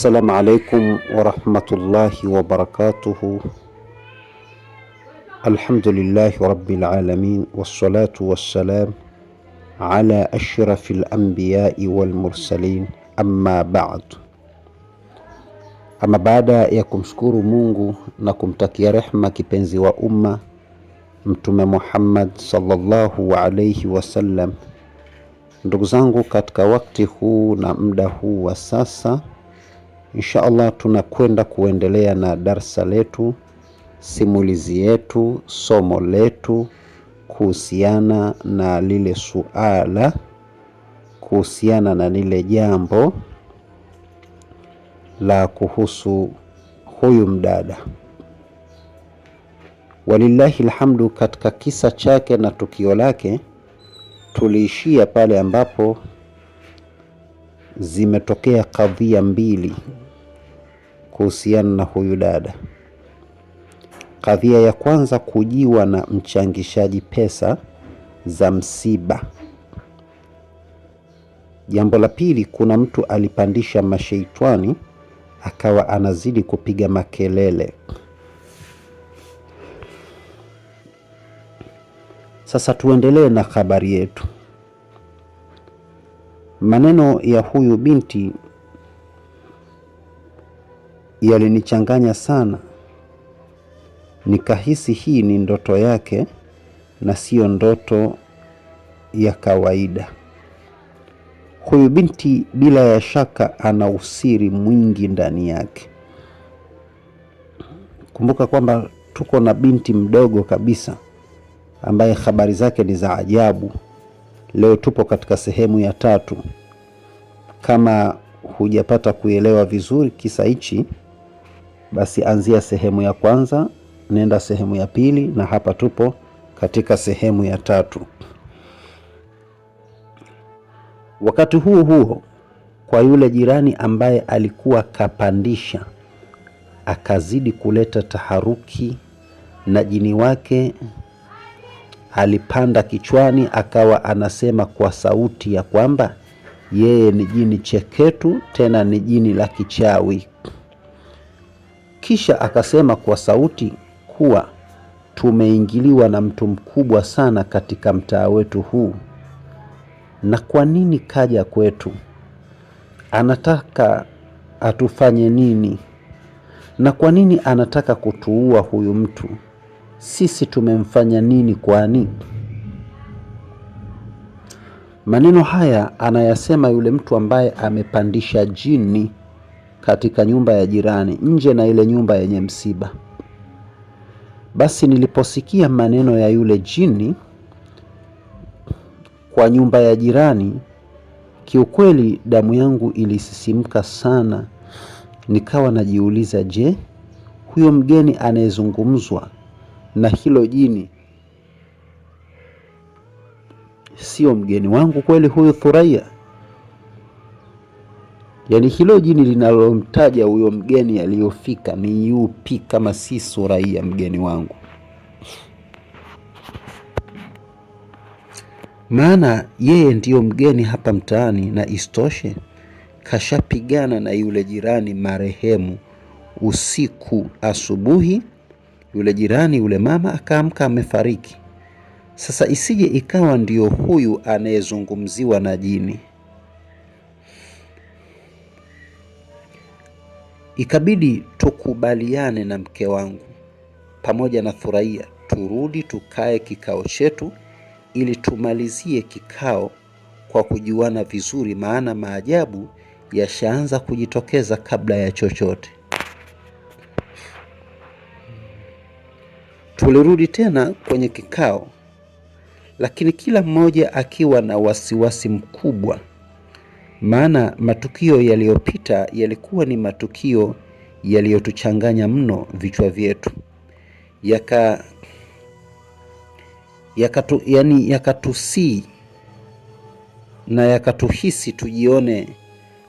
Assalamu alaikum warahmatullahi wabarakatuhu. Alhamdulillahi rabbil alamin wassalatu wassalam ala ashrafil anbiyai wal mursalin amma ba'd. Ama baada ya kumshukuru Mungu na kumtakia rehma kipenzi wa umma Mtume Muhammad sallallahu alayhi wasallam, ndugu zangu, katika wakati huu na muda huu wa sasa Insha Allah tunakwenda kuendelea na darsa letu, simulizi yetu, somo letu kuhusiana na lile suala, kuhusiana na lile jambo la kuhusu huyu mdada. Walillahi lhamdu katika kisa chake na tukio lake tuliishia pale ambapo zimetokea kadhia mbili kuhusiana na huyu dada. Kadhia ya kwanza kujiwa na mchangishaji pesa za msiba. Jambo la pili, kuna mtu alipandisha masheitwani akawa anazidi kupiga makelele. Sasa tuendelee na habari yetu. Maneno ya huyu binti yalinichanganya sana, nikahisi hii ni ndoto yake na siyo ndoto ya kawaida. Huyu binti bila ya shaka ana usiri mwingi ndani yake. Kumbuka kwamba tuko na binti mdogo kabisa ambaye habari zake ni za ajabu. Leo tupo katika sehemu ya tatu. Kama hujapata kuelewa vizuri kisa hichi, basi anzia sehemu ya kwanza, nenda sehemu ya pili, na hapa tupo katika sehemu ya tatu. Wakati huo huo, kwa yule jirani ambaye alikuwa kapandisha, akazidi kuleta taharuki na jini wake alipanda kichwani, akawa anasema kwa sauti ya kwamba yeye ni jini cheketu, tena ni jini la kichawi. Kisha akasema kwa sauti kuwa tumeingiliwa na mtu mkubwa sana katika mtaa wetu huu. Na kwa nini kaja kwetu? Anataka atufanye nini? Na kwa nini anataka kutuua huyu mtu? sisi tumemfanya nini? Kwani maneno haya anayasema yule mtu ambaye amepandisha jini katika nyumba ya jirani, nje na ile nyumba yenye msiba. Basi niliposikia maneno ya yule jini kwa nyumba ya jirani, kiukweli damu yangu ilisisimka sana, nikawa najiuliza, je, huyo mgeni anayezungumzwa na hilo jini. Sio mgeni wangu kweli huyu Thuraiya? Yaani hilo jini linalomtaja huyo mgeni aliyofika ni yupi kama si Thuraiya mgeni wangu? Maana yeye ndiyo mgeni hapa mtaani, na istoshe kashapigana na yule jirani marehemu usiku asubuhi yule jirani yule mama akaamka amefariki. Sasa isije ikawa ndio huyu anayezungumziwa na jini. Ikabidi tukubaliane na mke wangu pamoja na Thuraia turudi tukae kikao chetu ili tumalizie kikao kwa kujuana vizuri, maana maajabu yashaanza kujitokeza kabla ya chochote. Tulirudi tena kwenye kikao, lakini kila mmoja akiwa na wasiwasi mkubwa, maana matukio yaliyopita yalikuwa ni matukio yaliyotuchanganya mno vichwa vyetu, yaka yakatu, yani yakatusii na yakatuhisi tujione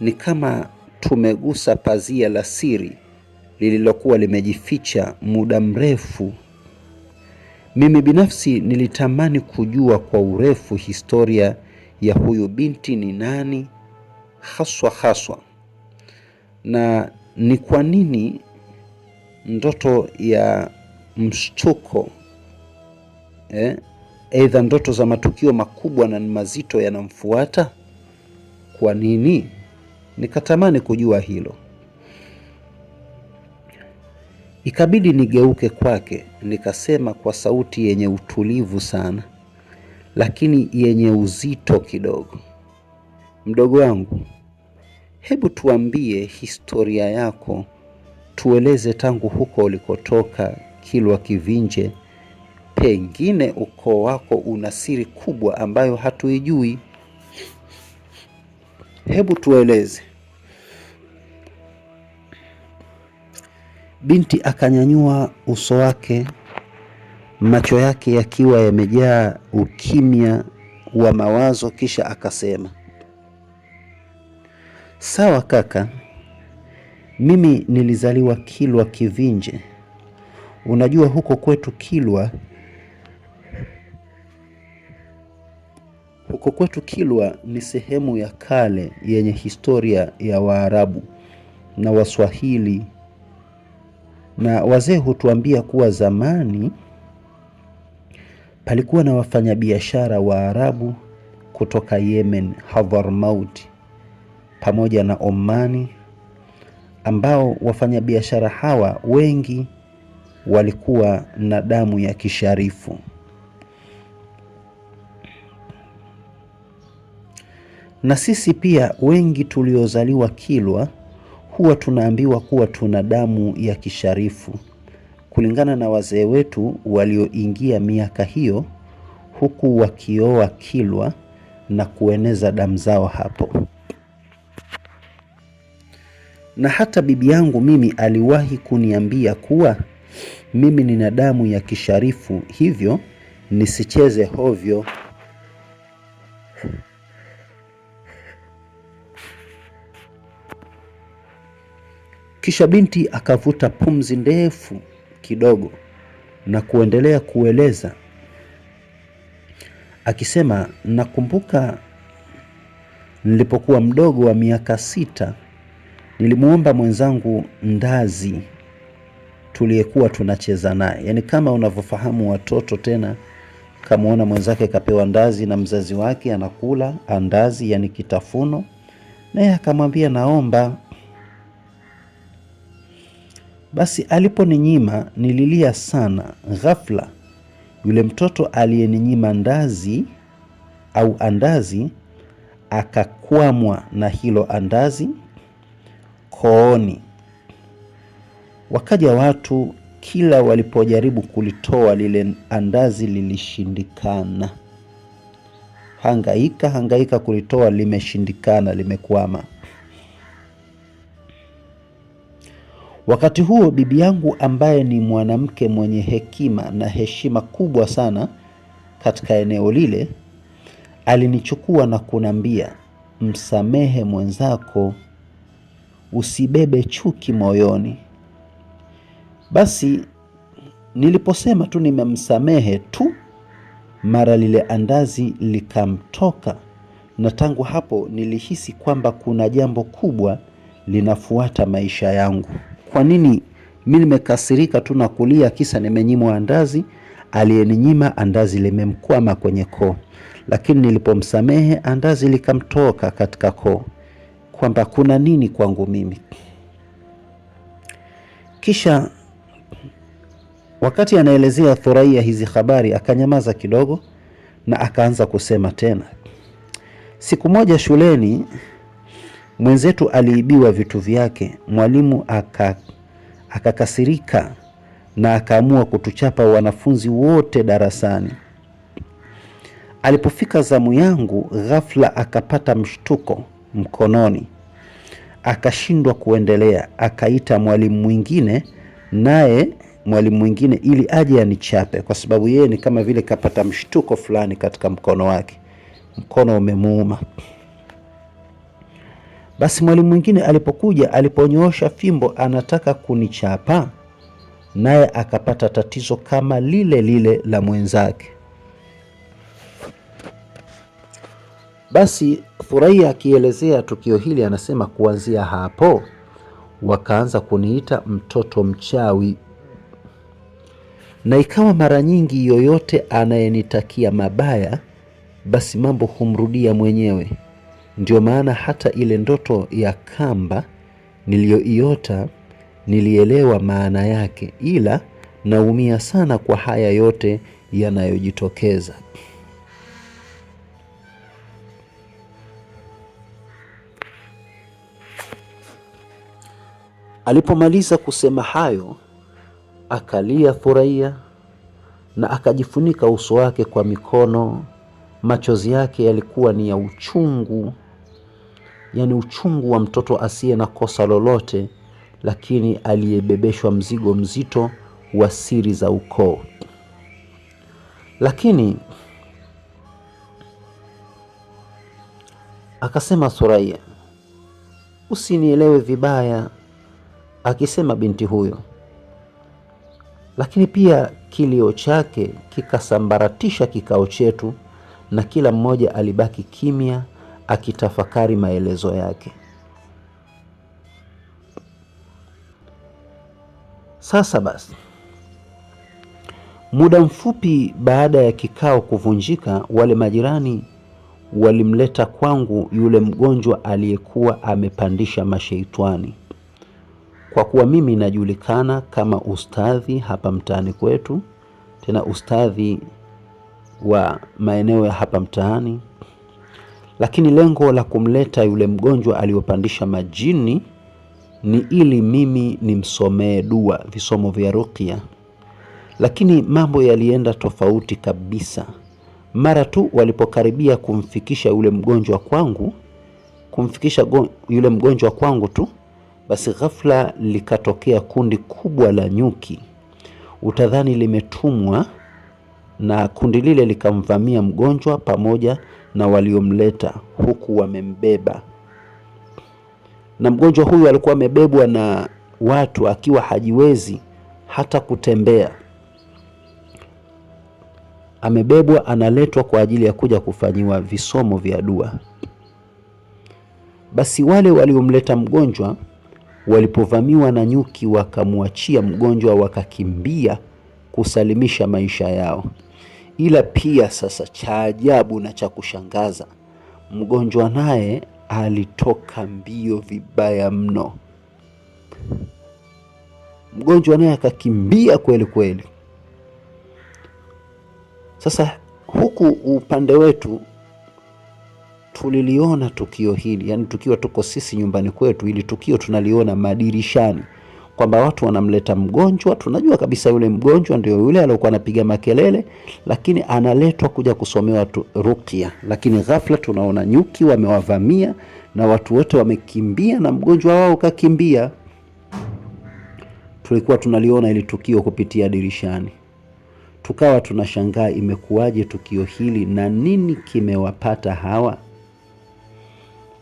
ni kama tumegusa pazia la siri lililokuwa limejificha muda mrefu. Mimi binafsi nilitamani kujua kwa urefu historia ya huyu binti ni nani haswa haswa, na ni kwa nini ndoto ya mshtuko eh, aidha ndoto za matukio makubwa na mazito yanamfuata. Kwa nini? Nikatamani kujua hilo. Ikabidi nigeuke kwake, nikasema kwa sauti yenye utulivu sana, lakini yenye uzito kidogo, mdogo wangu, hebu tuambie historia yako, tueleze tangu huko ulikotoka Kilwa Kivinje. Pengine ukoo wako una siri kubwa ambayo hatuijui. Hebu tueleze. Binti akanyanyua uso wake, macho yake yakiwa yamejaa ukimya wa mawazo, kisha akasema, sawa kaka, mimi nilizaliwa Kilwa Kivinje. Unajua huko kwetu Kilwa, huko kwetu Kilwa ni sehemu ya kale yenye historia ya Waarabu na Waswahili na wazee hutuambia kuwa zamani palikuwa na wafanyabiashara wa arabu kutoka Yemen, Hadramaut pamoja na Omani, ambao wafanyabiashara hawa wengi walikuwa na damu ya kisharifu. Na sisi pia wengi tuliozaliwa Kilwa huwa tunaambiwa kuwa tuna damu ya kisharifu kulingana na wazee wetu walioingia miaka hiyo, huku wakioa Kilwa na kueneza damu zao hapo. Na hata bibi yangu mimi aliwahi kuniambia kuwa mimi nina damu ya kisharifu, hivyo nisicheze hovyo. Kisha binti akavuta pumzi ndefu kidogo na kuendelea kueleza akisema, nakumbuka nilipokuwa mdogo wa miaka sita nilimwomba mwenzangu ndazi tuliyekuwa tunacheza naye, yaani kama unavyofahamu watoto tena, kamwona mwenzake kapewa ndazi na mzazi wake anakula andazi, yani kitafuno, naye akamwambia naomba basi aliponinyima nililia sana. Ghafla yule mtoto aliyeninyima ndazi au andazi akakwamwa na hilo andazi kooni. Wakaja watu, kila walipojaribu kulitoa lile andazi lilishindikana. Hangaika hangaika kulitoa, limeshindikana, limekwama. Wakati huo bibi yangu ambaye ni mwanamke mwenye hekima na heshima kubwa sana katika eneo lile alinichukua na kunambia, msamehe mwenzako, usibebe chuki moyoni. Basi niliposema tu nimemsamehe tu, mara lile andazi likamtoka, na tangu hapo nilihisi kwamba kuna jambo kubwa linafuata maisha yangu kwa nini mi nimekasirika tu na kulia kisa nimenyimwa andazi? Aliyeninyima andazi limemkwama kwenye koo, lakini nilipomsamehe andazi likamtoka katika koo. Kwamba kuna nini kwangu mimi? Kisha wakati anaelezea Thuraiya hizi habari akanyamaza kidogo, na akaanza kusema tena, siku moja shuleni Mwenzetu aliibiwa vitu vyake. Mwalimu akakasirika aka na akaamua kutuchapa wanafunzi wote darasani. Alipofika zamu yangu, ghafla akapata mshtuko mkononi, akashindwa kuendelea. Akaita mwalimu mwingine, naye mwalimu mwingine ili aje anichape, kwa sababu yeye ni kama vile kapata mshtuko fulani katika mkono wake, mkono umemuuma. Basi mwalimu mwingine alipokuja, aliponyoosha fimbo anataka kunichapa, naye akapata tatizo kama lile lile la mwenzake. Basi furahia akielezea tukio hili anasema, kuanzia hapo wakaanza kuniita mtoto mchawi, na ikawa mara nyingi yoyote anayenitakia mabaya, basi mambo humrudia mwenyewe. Ndio maana hata ile ndoto ya kamba niliyoiota nilielewa maana yake, ila naumia sana kwa haya yote yanayojitokeza. Alipomaliza kusema hayo, akalia furahia na akajifunika uso wake kwa mikono. Machozi yake yalikuwa ni ya uchungu yani uchungu wa mtoto asiye na kosa lolote, lakini aliyebebeshwa mzigo mzito wa siri za ukoo. Lakini akasema, Suraya, usinielewe vibaya, akisema binti huyo, lakini pia kilio chake kikasambaratisha kikao chetu, na kila mmoja alibaki kimya akitafakari maelezo yake. Sasa basi, muda mfupi baada ya kikao kuvunjika, wale majirani walimleta kwangu yule mgonjwa aliyekuwa amepandisha masheitwani Kwa kuwa mimi najulikana kama ustadhi hapa mtaani kwetu, tena ustadhi wa maeneo ya hapa mtaani lakini lengo la kumleta yule mgonjwa aliyopandisha majini ni ili mimi nimsomee dua, visomo vya ruqya. Lakini mambo yalienda tofauti kabisa. Mara tu walipokaribia kumfikisha yule mgonjwa kwangu, kumfikisha yule mgonjwa kwangu tu, basi ghafla likatokea kundi kubwa la nyuki, utadhani limetumwa na kundi lile likamvamia mgonjwa pamoja na waliomleta huku wamembeba. Na mgonjwa huyu alikuwa amebebwa na watu akiwa hajiwezi hata kutembea, amebebwa analetwa kwa ajili ya kuja kufanyiwa visomo vya dua. Basi wale waliomleta mgonjwa walipovamiwa na nyuki, wakamwachia mgonjwa, wakakimbia kusalimisha maisha yao. Ila pia sasa, cha ajabu na cha kushangaza, mgonjwa naye alitoka mbio vibaya mno. Mgonjwa naye akakimbia kweli kweli. Sasa huku upande wetu tuliliona tukio hili, yani tukiwa tuko sisi nyumbani kwetu, ili tukio tunaliona madirishani kwamba watu wanamleta mgonjwa, tunajua kabisa yule mgonjwa ndio yule aliyokuwa anapiga makelele, lakini analetwa kuja kusomewa rukia, lakini ghafla tunaona nyuki wamewavamia na watu wote wamekimbia na mgonjwa wao kakimbia. Tulikuwa tunaliona ili tukio kupitia dirishani, tukawa tunashangaa imekuwaje tukio hili na nini kimewapata hawa.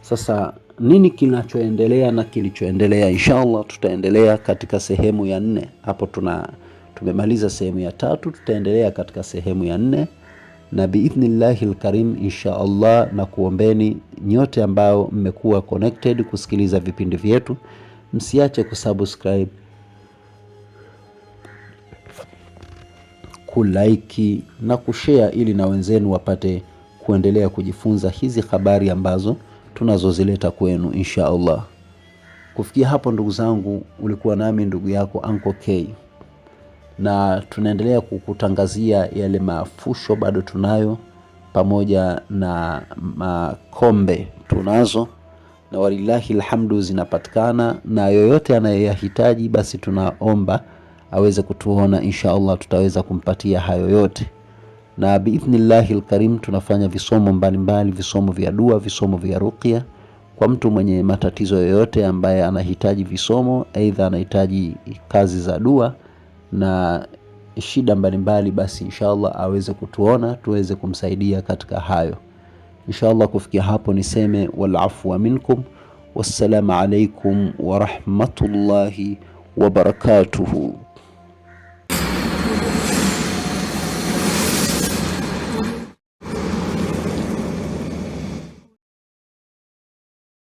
Sasa nini kinachoendelea na kilichoendelea. Inshallah tutaendelea katika sehemu ya nne. Hapo tuna tumemaliza sehemu ya tatu, tutaendelea katika sehemu ya nne na biidhnillahi lkarim insha allah, na kuombeni nyote ambao mmekuwa connected kusikiliza vipindi vyetu, msiache kusubscribe, kulaiki na kushare, ili na wenzenu wapate kuendelea kujifunza hizi habari ambazo tunazozileta kwenu insha Allah. Kufikia hapo, ndugu zangu, ulikuwa nami ndugu yako Uncle K, na tunaendelea kukutangazia yale mafusho bado tunayo, pamoja na makombe tunazo, na walillahi alhamdu zinapatikana, na yoyote anayeyahitaji basi tunaomba aweze kutuona insha Allah, tutaweza kumpatia hayo yote na biidhnillahi lkarim tunafanya visomo mbalimbali, visomo vya dua, visomo vya ruqya kwa mtu mwenye matatizo yoyote ambaye anahitaji visomo, aidha anahitaji kazi za dua na shida mbalimbali, basi inshallah aweze kutuona tuweze kumsaidia katika hayo inshallah. Kufikia hapo niseme walafua minkum, wassalamu alaikum warahmatullahi wabarakatuhu.